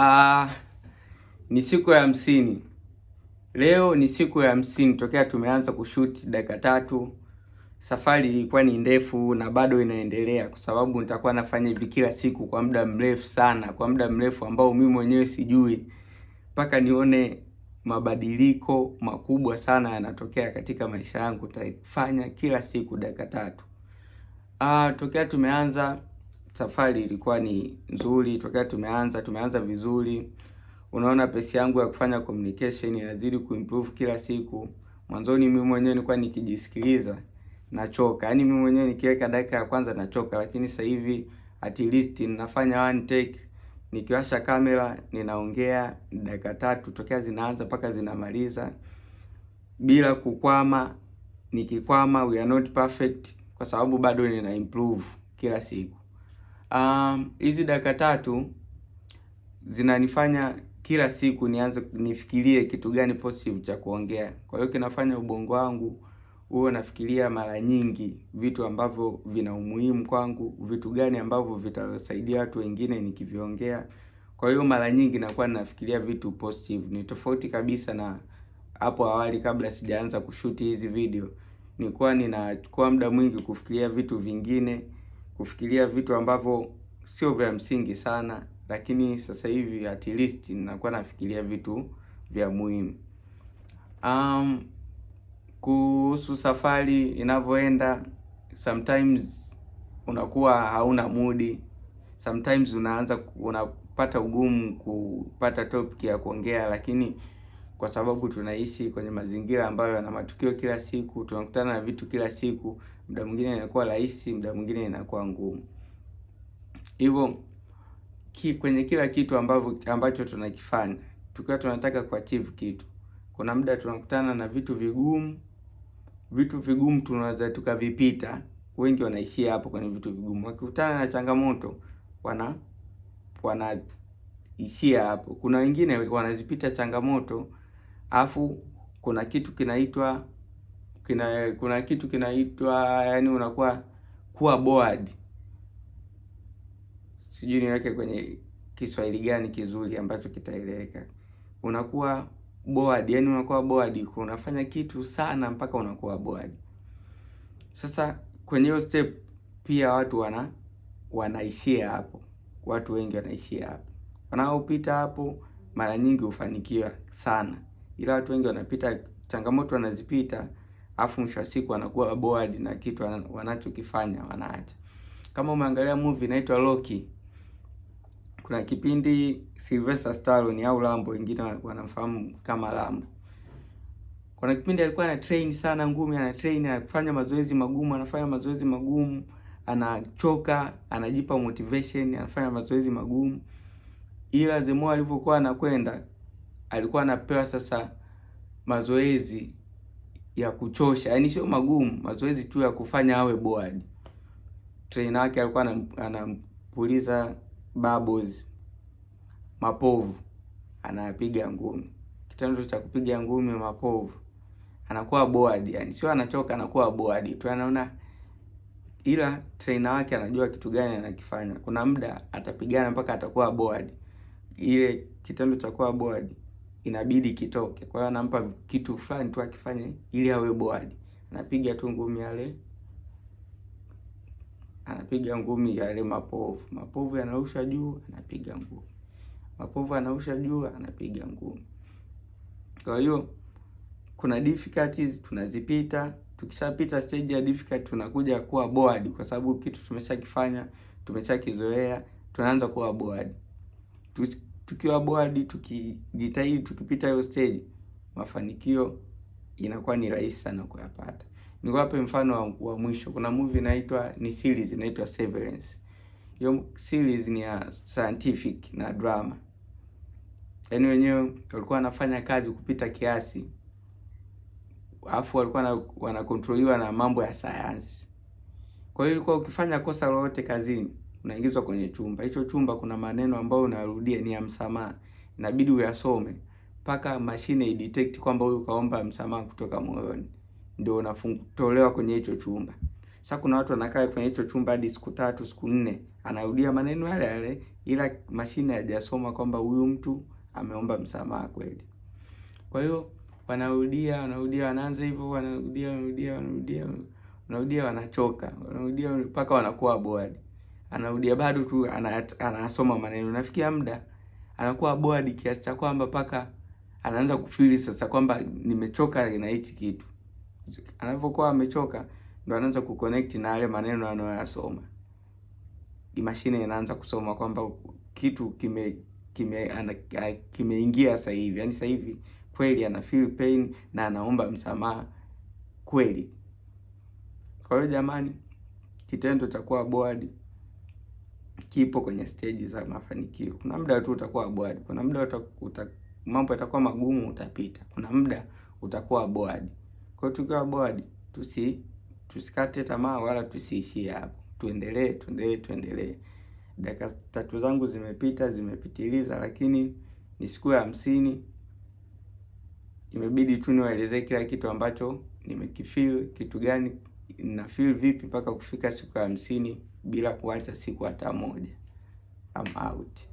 Aa, ah, ni siku ya hamsini. Leo ni siku ya hamsini tokea tumeanza kushuti dakika tatu. Safari ilikuwa ni ndefu na bado inaendelea, kwa sababu nitakuwa nafanya hivi kila siku kwa muda mrefu sana, kwa muda mrefu ambao mimi mwenyewe sijui, mpaka nione mabadiliko makubwa sana yanatokea katika maisha yangu. Nitaifanya kila siku dakika tatu. Aa, ah, tokea tumeanza safari ilikuwa ni nzuri tokea tumeanza, tumeanza vizuri. Unaona pesi yangu ya kufanya communication inazidi kuimprove kila siku. Mwanzoni mimi mwenyewe nilikuwa nikijisikiliza nachoka, yaani mimi mwenyewe nikiweka dakika ya kwanza nachoka, lakini sasa hivi at least ninafanya one take, nikiwasha kamera ninaongea dakika tatu tokea zinaanza mpaka zinamaliza bila kukwama. Nikikwama we are not perfect, kwa sababu bado nina improve kila siku hizi um, dakika tatu zinanifanya kila siku nianze nifikirie kitu gani positive cha kuongea. Kwa hiyo kinafanya ubongo wangu huo nafikiria mara nyingi vitu ambavyo vina umuhimu kwangu, vitu gani ambavyo vitasaidia watu wengine nikiviongea. Kwa hiyo mara nyingi nakuwa nafikiria vitu positive. Ni tofauti kabisa na hapo awali, kabla sijaanza kushuti hizi video, nilikuwa ninachukua muda mwingi kufikiria vitu vingine kufikiria vitu ambavyo sio vya msingi sana, lakini sasa hivi at least ninakuwa nafikiria vitu vya muhimu. Um, kuhusu safari inavyoenda, sometimes unakuwa hauna mudi, sometimes unaanza unapata ugumu kupata topic ya kuongea, lakini kwa sababu tunaishi kwenye mazingira ambayo yana matukio kila siku, tunakutana na vitu kila siku muda mwingine inakuwa rahisi, muda mwingine inakuwa ngumu. Hivyo ki, kwenye kila kitu ambavyo ambacho tunakifanya tukiwa tunataka kuachieve kitu, kuna muda tunakutana na vitu vigumu. Vitu vigumu tunaweza tukavipita, wengi wanaishia hapo kwenye vitu vigumu. Wakikutana na changamoto wana wanaishia hapo. Kuna wengine wanazipita changamoto, afu kuna kitu kinaitwa kina, kuna kitu kinaitwa yani unakuwa kuwa bored. Sijui niweke kwenye Kiswahili gani kizuri ambacho kitaeleweka. Unakuwa bored, yani unakuwa bored, unafanya kitu sana mpaka unakuwa bored. Sasa kwenye hiyo step pia watu wana wanaishia hapo, watu wengi wanaishia hapo. Wanaopita hapo mara nyingi hufanikiwa sana, ila watu wengi wanapita changamoto wanazipita afu mwisho wa siku wanakuwa bored na kitu wanachokifanya wanaacha. Kama umeangalia movie inaitwa Rocky, kuna kipindi Sylvester Stallone au Rambo, wengine wanamfahamu kama Rambo, kuna kipindi alikuwa ana train sana ngumi, ana train, anafanya mazoezi magumu, anafanya mazoezi magumu, anachoka, anajipa motivation, anafanya mazoezi magumu, ila zemo alivyokuwa anakwenda alikuwa anapewa sasa mazoezi ya kuchosha, yaani sio magumu, mazoezi tu ya kufanya awe bored. Trainer wake alikuwa anampuliza bubbles, mapovu, anapiga ngumi, kitendo cha kupiga ngumi mapovu, anakuwa bored, yani sio anachoka, anakuwa bored tu, anaona ila trainer wake anajua kitu gani anakifanya. Kuna muda atapigana mpaka atakuwa bored. Ile kitendo cha kuwa bored inabidi kitoke. Kwa hiyo anampa kitu fulani tu akifanye ili awe board. Anapiga tu ngumi yale, anapiga ngumi yale mapovu, mapovu yanarusha juu, anapiga ngumi, mapovu anarusha juu, anapiga ngumi. Kwa hiyo kuna difficulties tunazipita. Tukishapita stage ya difficult, tunakuja kuwa bored, kwa sababu kitu tumeshakifanya, tumeshakizoea, tunaanza kuwa bored tukiwa board, tukijitahidi, tukipita hiyo stage, mafanikio inakuwa ni rahisi sana kuyapata. Nikuwape mfano wa, wa mwisho. Kuna movie inaitwa ni series inaitwa Severance. Hiyo series ni ya scientific na drama, yaani wenyewe walikuwa wanafanya kazi kupita kiasi, alafu walikuwa wanakontroliwa na mambo ya sayansi. Kwa hiyo ilikuwa ukifanya kosa lolote kazini unaingizwa kwenye chumba hicho. Chumba kuna maneno ambayo unarudia ni ya msamaha, inabidi uyasome mpaka mashine idetect kwamba huyu kaomba msamaha kutoka moyoni, ndio unatolewa kwenye hicho chumba. Sasa kuna watu wanakaa kwenye hicho chumba hadi siku tatu, siku nne, anarudia maneno yale yale, ila mashine hajasoma kwamba huyu mtu ameomba msamaha kweli. Kwa hiyo wanarudia, wanarudia, wanaanza hivyo, wanarudia, wanarudia, wanarudia, wanarudia, wanachoka, wanarudia mpaka wanakuwa bored anarudia bado tu anasoma maneno. Nafikia muda anakuwa bored kiasi cha kwamba paka anaanza kufili sasa kwamba nimechoka na hichi kitu. Anapokuwa amechoka ndo anaanza kuconnect na yale maneno anayoyasoma. Imashine inaanza kusoma kwamba kitu kime kime kimeingia kime sasa hivi, yaani sasa hivi kweli ana feel pain na anaomba msamaha kweli. Kwa hiyo jamani, kitendo cha kuwa bored kipo kwenye stage za mafanikio. Kuna muda tu utakuwa bored, kuna muda uta, mambo yatakuwa magumu utapita, kuna muda utakuwa bored. Kwa hiyo tukiwa bored, tusi tusikate tamaa wala tusiishie hapo, tuendelee tuendelee tuendelee. Dakika tatu zangu zimepita zimepitiliza, lakini ni siku ya hamsini. Imebidi tu niwaelezee kila kitu ambacho nimekifeel, kitu gani na feel vipi mpaka kufika siku ya hamsini bila kuacha siku hata moja. I'm out.